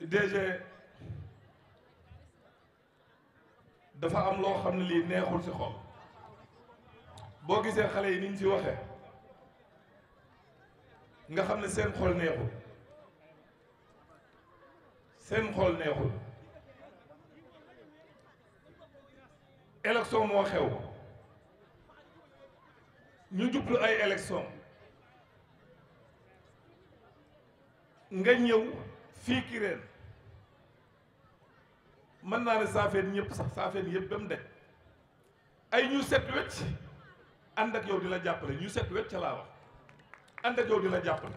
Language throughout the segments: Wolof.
DG dafa am loo xam ne lii neexul si xol boo gisee xale yi ni ñu ci waxee nga xam ne seen xol neexul seen xol neexul élection moo xew ñu jublu ay élection nga ñëw fii Kirène mën naa ne saafeen ñëpp sax saafeen yépp ba de ay ñu set wecc ànd ak yow di la jàppale ñu set wecc laa wax ànd ak yow di la jàppale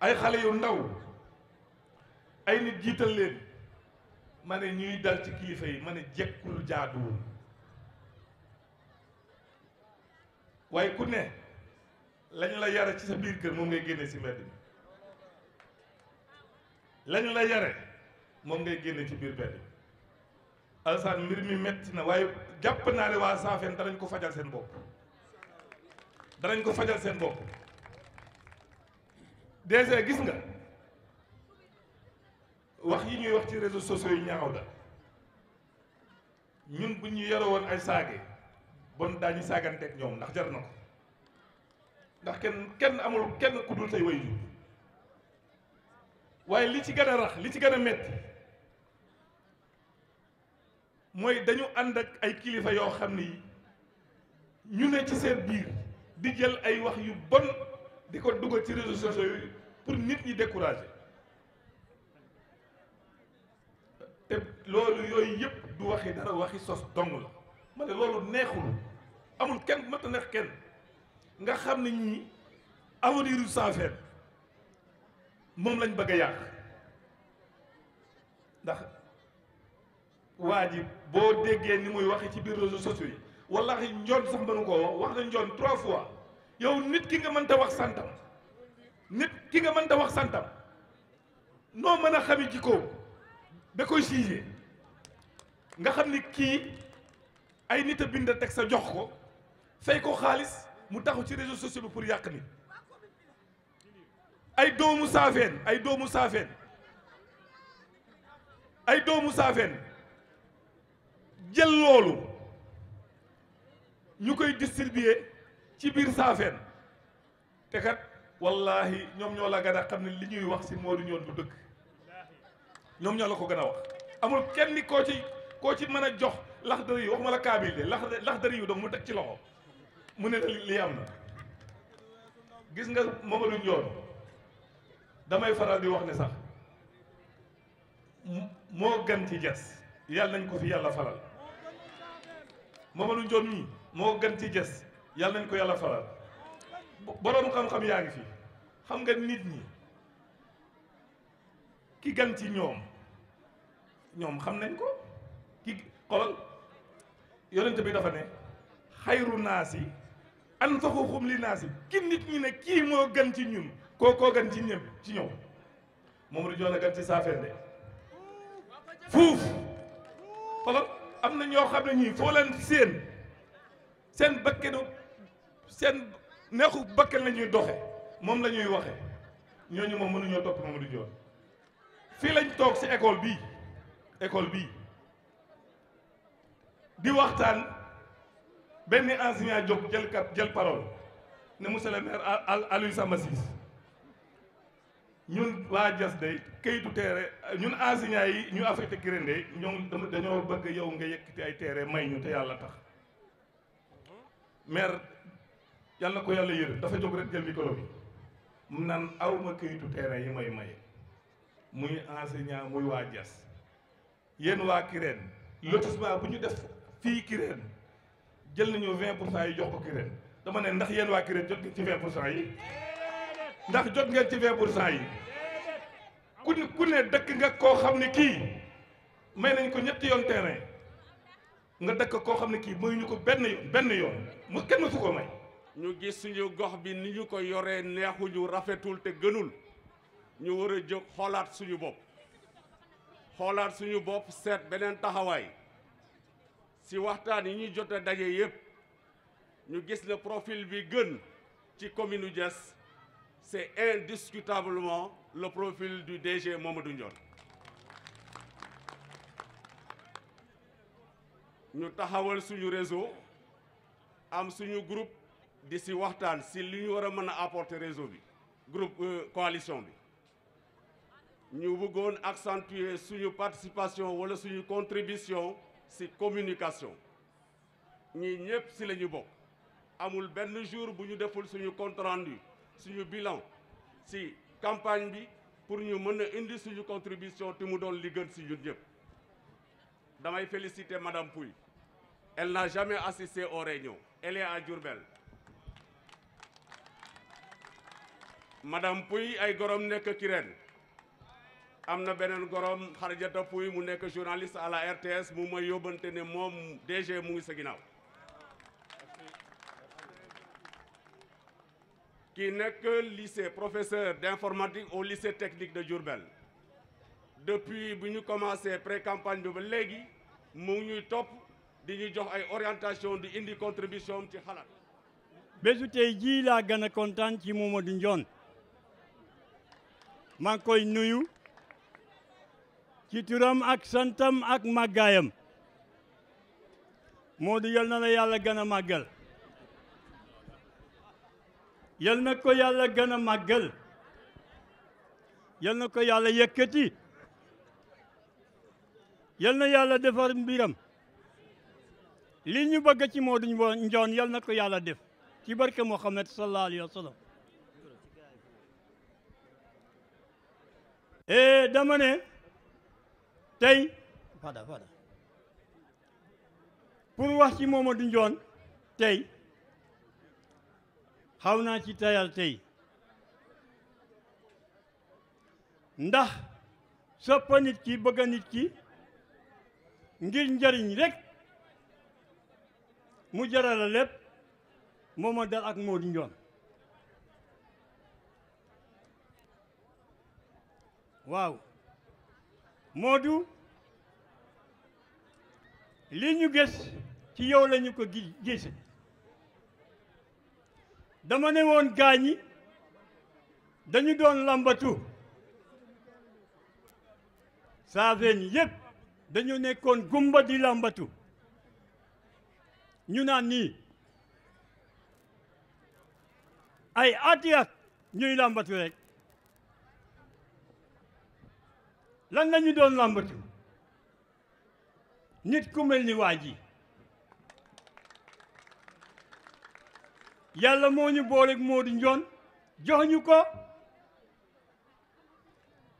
ay xale yu ndaw ay nit jiital leen ma ne ñuy dal ci kilifa yi ma ne jekkul jaaduwul waaye ku ne lañ la yara ci sa biir kër moom ngay génne si mbedd mi lañu la yare moom ngay génne ci biir benn alsaan mbir mi metti na waaye jàpp naa ne waa saafeen danañ ko fajal seen bopp danañ ko fajal seen bopp DG gis nga wax yi ñuy wax ci réseaux sociaux yu ñaaw la ñun bu ñu yare woon ay saage bon daañu saaganteeg ñoom ndax jar na ko ndax kenn kenn amul kenn ku dul say waajur waaye li ci gën a rax li ci gën a metti mooy dañu ànd ak ay kilifa yoo xam ni ñu ne ci seen biir di jël ay wax yu bon di ko dugal ci réseaux sociaux yi pour nit ñi décourager te loolu yooyu yëpp du waxi dara waxi sos dong la ma ne loolu neexul amul kenn mënta neex kenn nga xam ne ñii avenir yu sans moom lañ bëgg yàq ndax waa ji boo déggee ni muy waxee ci biir réseaux sociaux yi wallahi njoon sax mënu koo wax na njoon trois fois yow nit ki nga mënta wax santam nit ki nga mënta wax santam noo mën a xami jikkoom da koy siise nga xam ni kii ay nit a bind teg sa jox ko fay ko xaalis mu taxu ci réseaux sociaux bi pour yàq nit ay doomu saafeen ay doomu saafeen ay doomu saafeen jël loolu ñu koy distribuer ci biir saafeen te kat wallaahi ñoom ñoo la gën a xam ne li ñuy wax si moo du ñoon du dëkk ñoom ñoo la ko gën a wax amul kenn koo ci koo ci mën a jox lax yi waxuma la kaabil de laxdari yu doom mu teg ci loxo mu ne li am na gis nga Mamadou Ndione damay faral di wax ne sax moo gën ci ges yàlla nañ ko fi yàlla faral Mamadou Ndione mii moo gën ci ges yàlla nañ ko yàlla faral boroom xam-xam yaa ngi fi xam nga nit ñi ki gën ci ñoom ñoom xam nañ ko ki xolal yonent bi dafa ne xayru naasi anfaxuhum li naasi ki nit ñi ne kii moo gën ci ñun koo koo gan ci ñëw ci ñëw Mamadou Dione gan ci Saafende fuuf xoolal am na ñoo xam ne ñii foo leen seen seen bakkenu seen neexu bakken la ñuy doxe moom la ñuy waxe ñooñu moom mënuñoo topp Mamadou Dione fii lañ toog si école bii école bii di waxtaan benn enseignant jóg jël kat jël parole ne monsieur le maire Aliou Samba Ciss ñun waa jas day kayitu teere ñun enseignants yi ñu affecté Kirendé ñoom dañoo bëgg yow nga yëkkati ay teere may ñu te yàlla tax maire yàlla ko yàlla yére dafa jóg rek jël micro bi mun naan awma kayitu teere yi may muy enseignant muy waa jas yéen waa Kirène lotissement bu ñu def fii Kirène jël nañu vingt pour cent yi jox ko Kirène dama ne ndax yéen waa Kirène jot ci vingt pour cent yi ndax jot ngeen ci vingt saa yi ku ne ku ne dëkk nga koo xam ne kii may nañ ko ñetti yoon terrain nga dëkk koo xam ne kii mayuñu ko benn benn yoon mu kenn mësu ko may ñu gis suñu gox bi ni ñu ko yoree neexuñu rafetul te gënul ñu war a jóg xoolaat suñu bopp xoolaat suñu bopp seet beneen taxawaay si waxtaan yi ñu jot daje yépp ñu gis na profil bi gën ci commune jees c'est indiscutablement le profil du DG du Ndione ñu taxawal suñu réseau am suñu groupe di si waxtaan si li ñu war a mën a apporter réseau bi groupe euh, coalition bi ñu bëggoon accentuer suñu participation wala suñu contribution si communication ñi ñëpp si la ñu bokk amul benn jour bu ñu deful suñu compte rendu suñu bilan si campagne bi pour ñu mën a indi suñu contribution te mu doon li gën si ñun ñëpp damay félicité madame Pouy elle n'a jamais assisté aux réunions elle est à Diourbel madame ay gorom nekk Kirène am na beneen gorom Xarjata Pouy mu nekk journaliste à la RTS mu may yóbbante ne moom DG mu ngi sa ginnaaw qui nekk lycée professeur d'informatique au lycée technique de Diourbel depuis bu ñu commencé pré-campagne bi ba léegi mu ñuy topp di ñu jox ay orientation di indi contribution ci xalaat bésu jii laa gën a kontaan ci Mamadou Ndione maa ngi koy nuyu ci turam ak santam ak màggaayam moo di yal na la yàlla gën a màggal yal na ko yàlla gën a màggal yal na ko yàlla yëkkati yal na yàlla defar mbiram li ñu bëgg ci Modou Ndione yal na ko yàlla def ci barke Muhammad sallallahu alayhi wa sallam e dama ne tey fada fada pour wax ci Modou Ndione tey xaw naa ci tayal tey ndax soppa ki bëgg nit ki ngir njariñ rek mu jarala lépp moo ma dal ak Modou Ndione waaw Modou li ñu gis ci yow lañu ko gis dama ne woon gaañi dañu doon lambatu saafeen yépp dañu nekkoon gumba di lambatu ñu naan nii ay ati at ñuy lambatu rek lan lañu doon lambatu nit ku mel ni waa ji yàlla moo ñu booleeg Modou Ndione jox ñu ko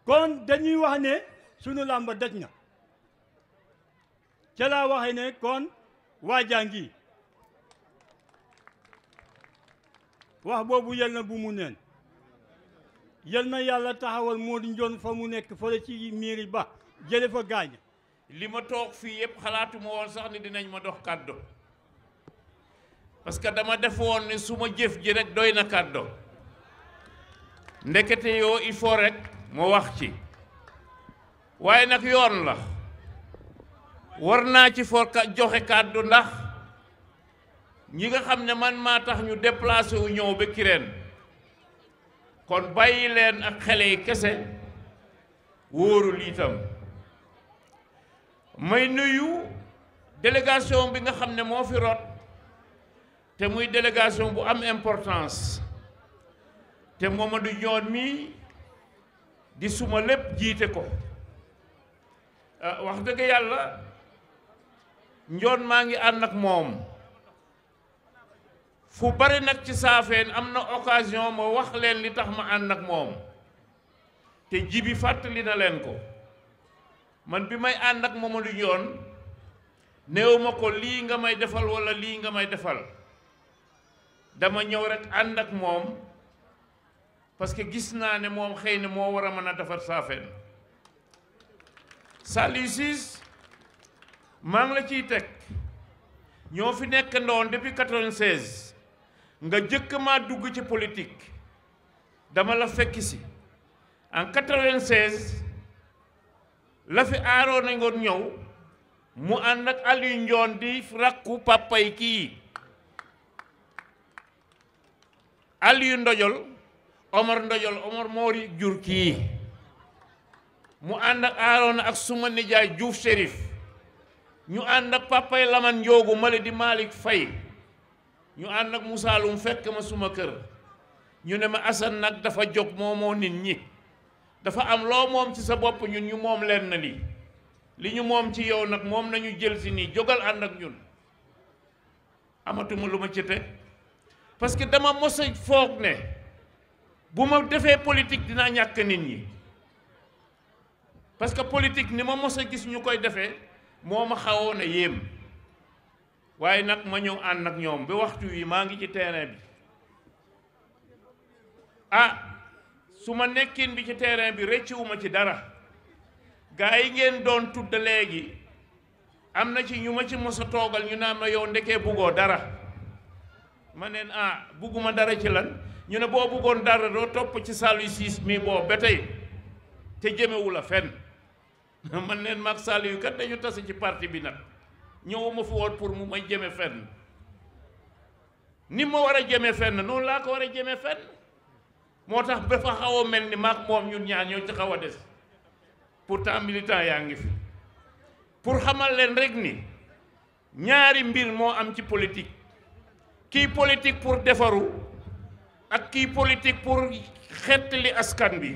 kon dañuy wax ne sunu làmba daj na ca laa waxee ne kon waajaa ngi wax boobu yal na bu mu neen yal na yàlla taxawal Modou Ndione fa mu nekk fële ci miiri ba jële fa gaañ li ma toog fii yëpp xalaatuma woon sax ni dinañ ma dox kàddu parce que dama def woon ni su ma jëf ji rek doy na kàddoo ndekete yoo il faut rek mu wax ci waaye nag yoon la war naa ci for joxe kàddu ndax ñi nga xam ne man maa tax ñu déplacé wu ñëw ba Kirène kon bàyyi leen ak xele yi kese wóorul itam may nuyu délégation bi nga xam ne moo fi rot te muy délégation bu am importance te Mamadou Ndione mi di suma lépp jiite ko euh, wax dëgg yàlla njoon maa ngi ànd ak moom fu bari nag ci saafeen am na occasion ma wax leen li tax ma ànd ak moom te jibi fàttali na leen ko man bi may ànd ak Mamadou Ndione néew ma ko lii nga may defal walla lii nga may defal dama ñëw rekk ànd ak moom parce que gis naa ne moom xëy na moo war a mën a defar saafeen Saliou Ciss maa la ciy teg ñoo fi nekk ndoon depuis 96 nga jëkk maa dugg ci politique dama la fekk si en 96 la fi aaroo na ngoon ñëw mu ànd ak Aliou Ndione di rakku papa kii Aliou Ndojol Omar Ndojol Omar moori jur kii mu ànd ak Aaroona ak suma nijaay Juuf Chérif ñu ànd ak papay Laman Njoogu male di Malick Fay ñu ànd ak Moussa fekk ma suma kër ñu ne ma Assane nag dafa jóg moomoo nit ñi dafa am loo moom ci sa bopp ñun ñu moom leen li li ñu moom ci yow nag moom nañu jël si nii jógal ànd ak ñun amatuma lu ma ci parce que dama mos a foog ne bu ma defee politique dinaa ñàkk nit ñi parce que politique ni ma mos a gis ñu koy defee moo ma xawoon a yéem waaye nag ma ñëw ànd ak ñoom ba waxtu wi maa ngi ci terrain bi ah su ma nekkin bi ci terrain bi rëccuwuma ci dara gaa yi ngeen doon tudd léegi am na ci ñu ma ci mos a toogal ñu naan ma yow ndekee buggoo dara ma neen ah bëgguma dara ci lan ñu ne boo bëggoon dara doo topp ci Saliou Ciss mii boo ba tey te jëmewu la fenn man neen maag Saliou kat dañu tase ci parti bi nag ñëwuma fi woon pour mu may jëme fenn ni ma war a jëme fenn noonu laa ko war a jëme fenn moo tax ba fa xaw a mel ni maag moom ñun ñaar ñoo ci xaw a des pour pourtant militant yaa ngi fi pour xamal leen rek ni ñaari mbir moo am ci politique kii politique pour defaru ak kii politique pour xettali askan bi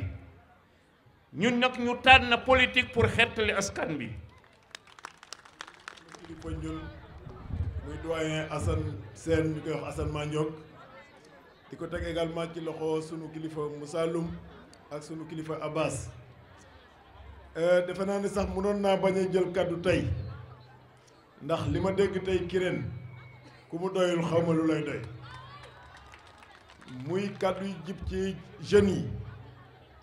ñun nag ñu tànn politique pour xettali askan bi kilifa ñun muy doyen Assane Sène ñu koy wax Assane Mandiok di ko teg également ci loxo sunu kilifa Moussa ak sunu kilifa Abbas euh, defe naa ni sax mënoon naa bañ jël kàddu tey ndax li ma dégg tey kireen ku mu doyul xaw lay doy muy kàddu yu jib ci jeunes yi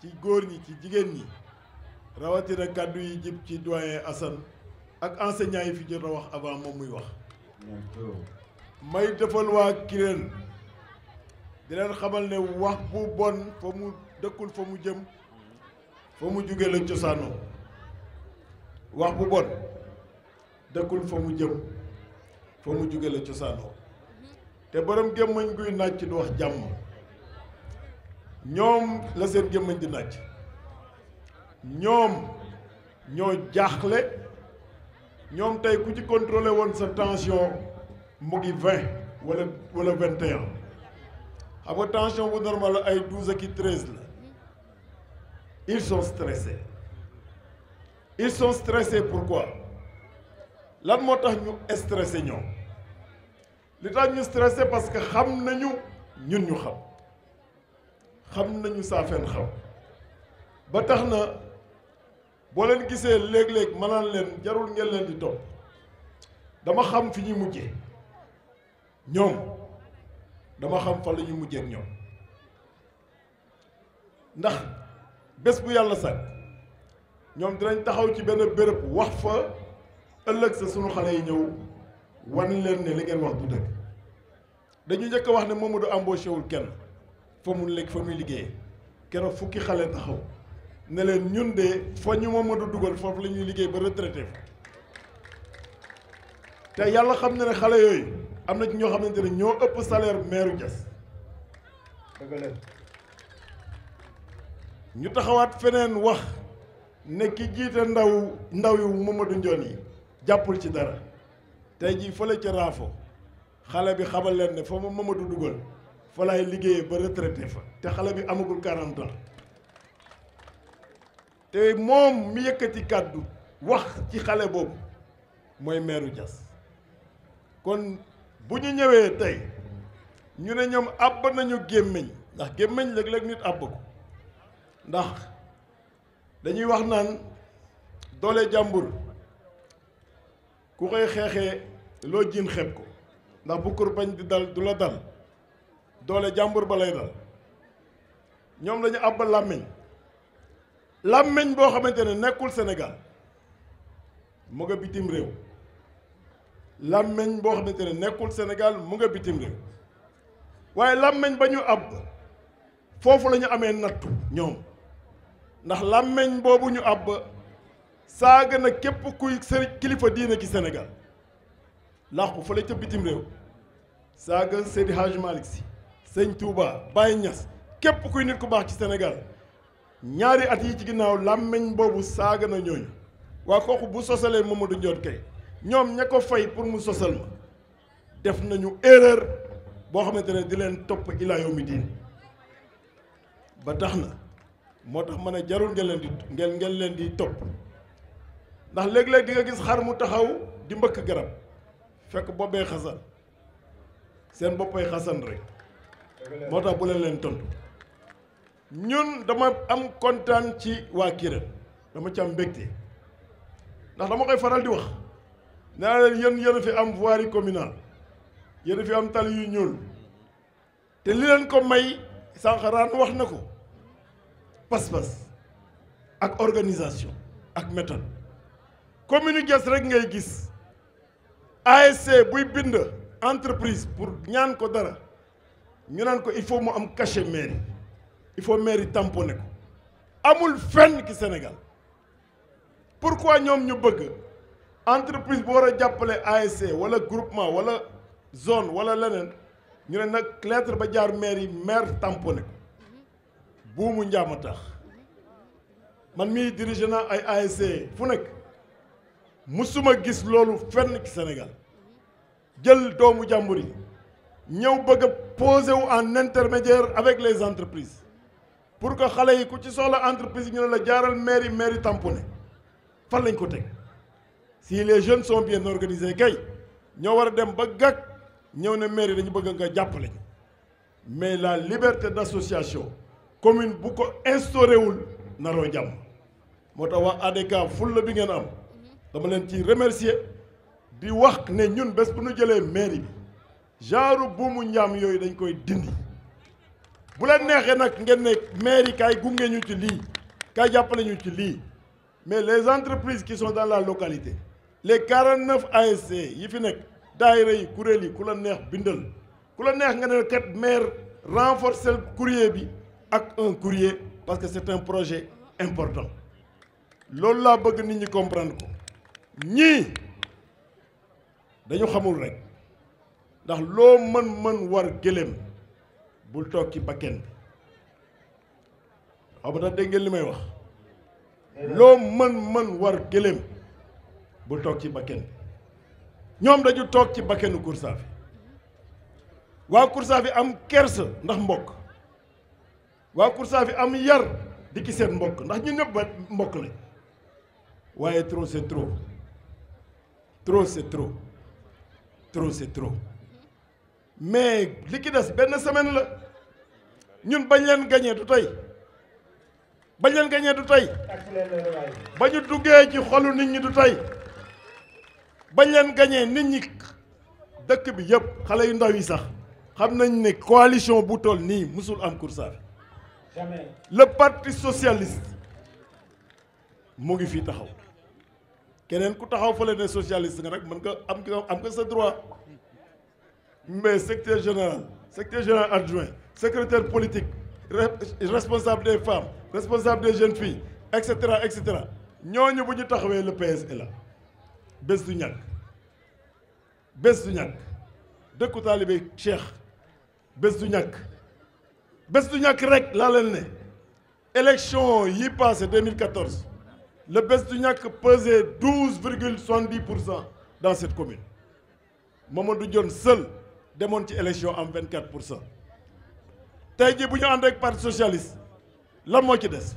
ci góor ñi ci jigéen ñi rawatina kàddu yi jib ci doyen Assane ak enseignants yi fi jot a wax avant moom muy wax may defal waa Kirène di leen xamal ne wax bu bon fa mu dëkkul fa mu jëm fa mu jóge la cosaanoo wax bu bon dëkkul fa mu jëm fa mu jóge la cosaanoo te borom gémmañ guy nàcc du wax jàmm ñoom la seen gémmañ di nàcc ñoom ñoo jaaxle ñoom tey ku ci contrôlé woon sa tension mu ngi vingt wala wala vingt et un xam nga tension bu normal ay douze ak i treize la ils sont stressés ils sont stressés pourquoi lan moo tax ñu stressé ñoom li tax ñu stressé parce que xam nañu ñun ñu xam xam nañu saafeen xam ba tax na boo leen gisee léeg-léeg ma leen jarul ngeen leen di topp dama xam fi ñuy mujjee ñoom dama xam fa la ñuy mujjee ñoom ndax bés bu yàlla sàkk ñoom dinañ taxaw ci benn béréb wax fa ëllëg sa sunu xale yi ñëw wan leen ne li ngeen wax du dëgg dañu njëkk a wax ne Mamadou embauché wul kenn fa mu lekk fa muy liggéey keroog fukki xale taxaw ne leen ñun de fa ñu Mamadou dugal foofu la ñuy liggéey ba retraité te yàlla xam na ne xale yooyu am na ci ñoo xamante ne ñoo ëpp salaire meeru Diass dëgg ñu taxawaat feneen wax ne ki jiite ndaw ndaw yu Mamadou Ndione yi jàppul ci dara tey jii fole ca Raafo. xale bi xabal leen ne fa ma Mamadou dugal fa laay liggéeyee ba retraité fa te xale bi amagul 40 ans te moom mi yëkkati kàddu wax ci xale boobu mooy meeru Diass kon bu ñu ñëwee tey ñu ne ñoom àbb nañu gémmiñ ndax gémmiñ léeg-léeg nit àbb ko ndax dañuy wax naan doole jàmbur ku koy xeexee loo jiin xet ko ndax bu kurpañ di dal du la dal doole jàmbur ba lay dal ñoom lañu àbbal làmmiñ làmmiñ boo xamante ne nekkul Sénégal mu nga bitim réew làmmiñ boo xamante ne nekkul Sénégal mu nga bitim réew waaye làmmiñ ba ñu àbb foofu la amee nattu ñoom ndax làmmiñ boobu ñu àbb saaga na képp kuy sëri kilifa diine ci Sénégal làqu fële ca bitim réew saaga Seydi Hadj Malick Sy sëñ Touba Baye Niass képp kuy nit ku baax ci Sénégal ñaari at yi ci ginnaaw làmmiñ boobu saaga na ñooñu waa kooku bu sosalee Mamadou Ndione Kaye ñoom ña ko fay pour mu sosal ma def nañu erreur boo xamante ne di leen topp ilaa mi diin ba tax na moo tax ma ne jarul ngeen leen di ngeen ngeen leen di topp ndax léeg-léeg di gis xar mu taxaw di mbëkk garab fekk boppee xasan seen boppay xasan rek moo tax bu leen leen tontu ñun dama am kontaan ci waa Kirène dama ci am mbégte ndax dama koy faral di wax nee naa leen yéen yéen fi am voirie communale yéen fi am tali yu ñuul te li leen ko may sànqaraan wax na ko pas-pas ak organisation ak méthode commune Thiès rek ngay gis ASC buy bind entreprise pour ñaan ko dara ñu naan ko il faut mu am cachet mairie il faut mairie tamponné ko amul fenn ki Sénégal pourquoi ñoom ñu bëgg entreprise bu war a jàppale ASC wala groupement wala zone wala leneen ñu ne nag lettre ba jaar mairie maire tamponné ko buumu njaama tax man mii dirigé naa ay ASC fu nekk musuma gis loolu fenn ci Sénégal jël doomu jàmbur yi ñëw bëgg a posé wu en intermédiaire avec les entreprises pour que xale yi ku ci soxla entreprise ñu ne la jaaral mairie mairie tamponné fan lañ ko teg si les jeunes sont bien organisés kay ñoo war a dem ba gàkk ñëw ne mairie dañu bëgg nga jàppale ñu mais la liberté d'association commune bu ko instauré wul naroo jàmm moo tax waa ADK fulla bi ngeen am. dama leen ci remercier di wax ne ñun bés bu nu jëlee mairie bi genre buumu njaam yooyu dañ koy dindi bu la neexee nag ngeen ne mairie kaay gunge ñu ci lii kaay jàppale ñu ci lii mais les entreprises qui sont dans la localité les 49 ASC yi fi nekk daayira yi kuréel yi ku la neex bindal ku la neex nga ne kat maire renforcer courrier bi ak un courrier parce que c'est un projet important loolu laa bëgg nit ñi comprendre ko ñii dañu xamul rek ndax loo mën mën war gëléem bul toog ci bakken bi xaw ma li may wax loo mën mën war gëléem bul toog ci bakken bi ñoom dañu toog ci bakkenu kursaaf yi waa kursaaf yi am kers ndax mbokk waa kursaaf yi am yar di ki seen mbokk ndax ñu ñëpp mbokk lañ waaye trop c'est trop trop c'est trop trop c'est trop mais li ki des benn semaine la ñun bañ leen gañee du tey bañ leen gañee du tey ba ñu duggee ci xolu nit ñi du tey bañ leen gañee nit ñi dëkk bi yëpp xale yu ndaw yi sax xam nañ ni coalition bu toll nii musul am Koursar le parti socialiste mu ngi fii taxaw keneen ku taxaw fële ne socialiste nga nag mën nga am nga am nga sa droit mais secrétaire général secrétaire général adjoint secrétaire politique responsable des femmes responsable des jeunes filles et cetera et cetera ñooñu bu ñu taxawee le PS est là bés du ñàkk bés du ñàkk dëkku taalibe Cheikh bés du ñàkk bés du ñàkk rek laa leen ne élection yi passé 2014 le bés du ñàkk pesait douze virgule soixante-dix pour cent dans cette commune moom du Dione seul demoon ci élection am vingt quatre pour cent tey ji bu ñu ànd ak parti socialiste lan moo ci des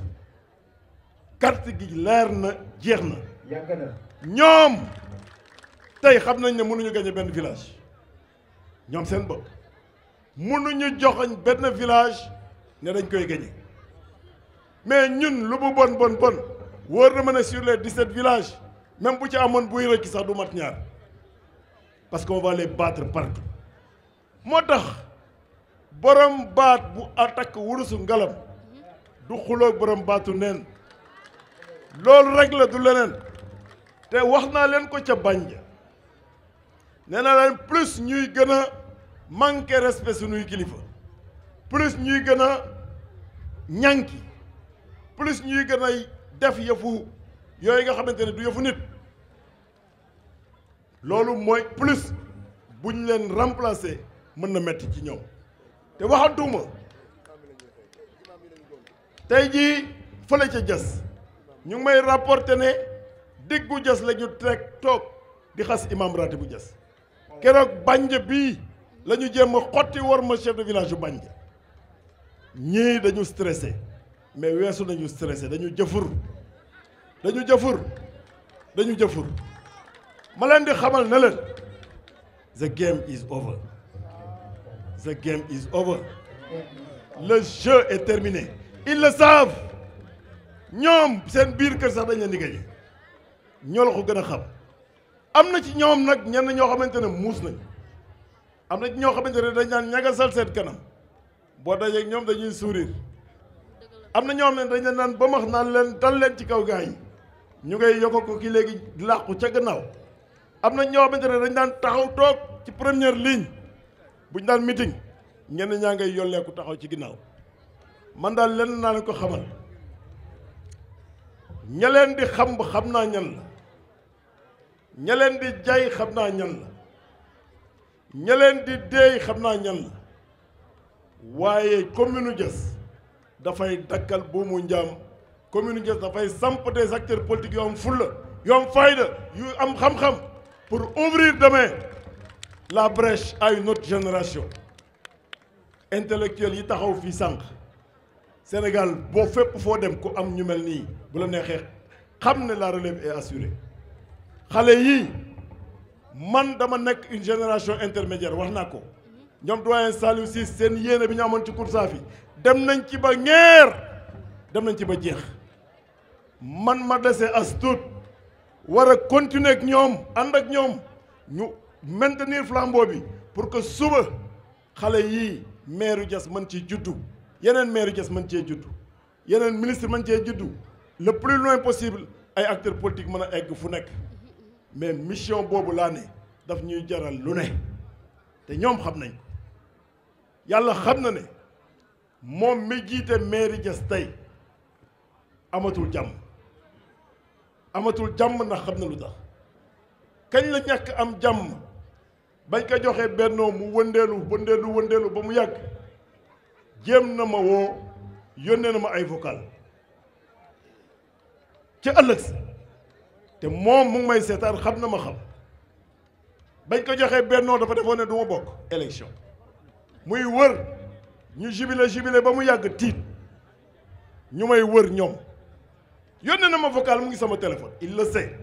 carte gi leer na jeex na. yàgg ñoom tey xam nañ ne mënuñu gañe benn village ñoom seen bopp mënuñu joxañ benn village ne dañ koy gañe mais ñun lu mu bon bon bon. wóor na ma ne sur les 17 villages même bu ci amoon buy rëcc sax du mat ñaar parce qu'on va les battre partout moo tax borom baat bu attaque wurusu ngalam du xuloo borom baatu neen loolu rek la du leneen te wax naa leen ko ca bànj nee na leen plus ñuy gën a manqué respect suñuy kilifa plus ñuy gën a ñànki plus ñuy gën a def yëfu yooyu nga xamante ne du yëfu nit loolu mooy plus bu ñu leen remplacer mën na metti ci ñoom te waxantuma tey jii fële ca jas ñu ngi may rapporter ne diggu jas la ñu teg toog di xas imam rati bu jas keroog bànj bi lañu ñu jéem xotti war ma chef de village bu bànj ñii dañu stressé mais weesu nañu stressé dañu jëfur dañu jëfur dañu jëfur ma leen di xamal ne leen the game is over the game is over le jeu est terminé ils le savent ñoom seen biir kër sax dañ leen di gañe ñoo la ko gën a xam am na ci ñoom nag ñenn ñoo xamante ne muus nañ am na ci ñoo xamante ne dañ naan ñagasal seen kanam boo dajee ñoom dañuy sourire am na ñoom ne dañ leen naan ba max naan leen dal leen ci kaw gaa yi ñu ngay yokk ko ki léegi làqu ca gannaaw am na ñoo xamante ne dañ daan taxaw toog ci première ligne buñ daan meeting ñenn ñaa ngay yolleeku taxaw ci ginnaaw man daal lenn naa leen ko xamal ña leen di xam xam naa ñan la ña leen di jay xam naa ñan la ña di deey xam naa ñan la waaye commune Diass dafay dakkal buumu njaam commune Thiès dafay samp des acteurs politiques yu am fulla yu am fayda yu am xam-xam pour ouvrir demain la brèche à une génération intellectuels yi taxaw fii sànq Sénégal boo fépp foo dem ku am ñu mel nii bu la neexee xam ne la relève est assurée xale yii man dama nekk une génération intermédiaire wax naa ko ñoom doyen Saliou Ciss seen yéene bi ñu amoon ci Koursaafi dem nañ ci ba ñeer dem nañ ci ba jeex man ma dese as tuut war a continuer ak ñoom ànd ak ñoom ñu maintenir flambeau bi pour que suba xale yii maire jas mën ci juddu yeneen meeru Diass man cee juddu yeneen ministre mën cee juddu le plus loin possible ay acteurs politiques mën a egg fu nekk mais mission boobu laa ne daf ñuy jaral lu ne te ñoom xam nañ ko yàlla xam na ne. moom mi jiite mairie Diass tey amatul jàmm amatul jàmm ndax xam na lu tax kañ la ñàkk am jàmm bañ ko joxee bennoo mu wëndeelu wëndeelu wëndeelu ba mu yàgg jéem na ma woo yónnee na ma ay vocal ci ëllëg si te moom mu may seetaan xam na ma xam bañ ko joxee bennoo dafa defoon ne du bokk élection muy wër ñu jibile jibile ba mu yàgg tiit ñu may wër ñoom yónnee na ma vocal mu ngi sama téléphone il le sait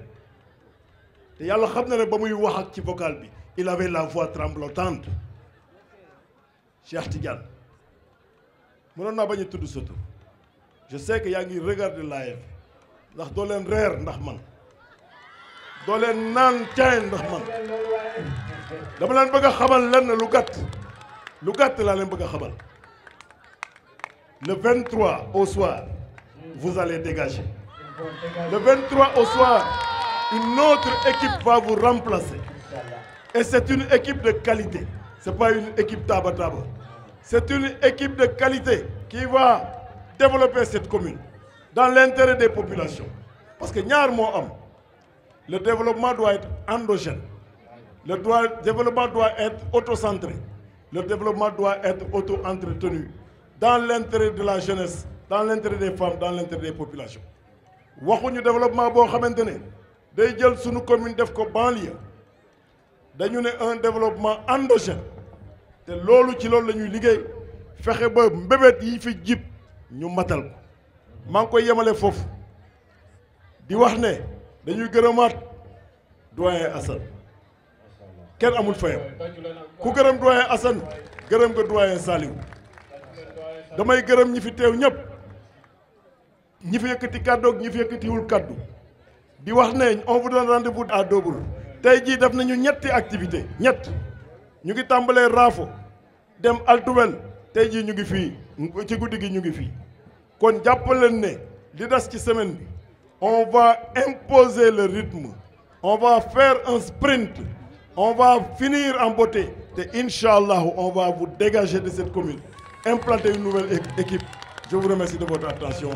te yàlla xam na ne ba muy wax ak ci vocal bi il avait la voix tremblotante Cheikh Tidiane mënoon naa bañ a tudd sa tur je sais que yaa ngi regarder live ndax doo leen reer ndax man doo leen naan teen ndax man dama leen bëgg a xamal lenn lu gàtt lu gàtt laa leen bëgg a xamal Le 23 au soir, vous allez dégager. Le 23 au soir, une autre équipe va vous remplacer. Et c'est une équipe de qualité. Ce n'est pas une équipe tabataba. C'est une équipe de qualité qui va développer cette commune dans l'intérêt des populations. Parce que le développement doit être endogène. Le, doigt, le développement doit être autocentré. Le développement doit être auto-entretenu. dans l'intérêt de la jeunesse dans l'intérêt des femmes dans l'intérêt des populations waxuñu développement boo xamante ne day jël suñu commune def ko banlieue dañu ne un développement endogène te loolu ci loolu lañuy liggéey fexe ba mbébét yi fi jib ñu matal ko maa ngi koy yemale foofu di wax ne dañuy gërëmaat doyen Assane kenn amul fayam ku gërëm doyen Assane gërëm ko doyen Saliou damay gërëm ñi fi teew ñëpp ñi fi yëkkati kàddu ak ñi fi yëkkatiwul kàddu di wax ne on vous donne rendez-vous à tey jii def nañu ñetti activité ñett ñu ngi tàmbalee Raafo dem Altuwen tey jii ñu ngi fii ci guddi gi ñu ngi fii kon jàppaleen ne li des ci semaine bi on va imposer le rythme on va faire un sprint on va finir en beauté te incha allahu on va vous dégager de cette commune implanter une nouvelle équipe. Je vous remercie de votre attention.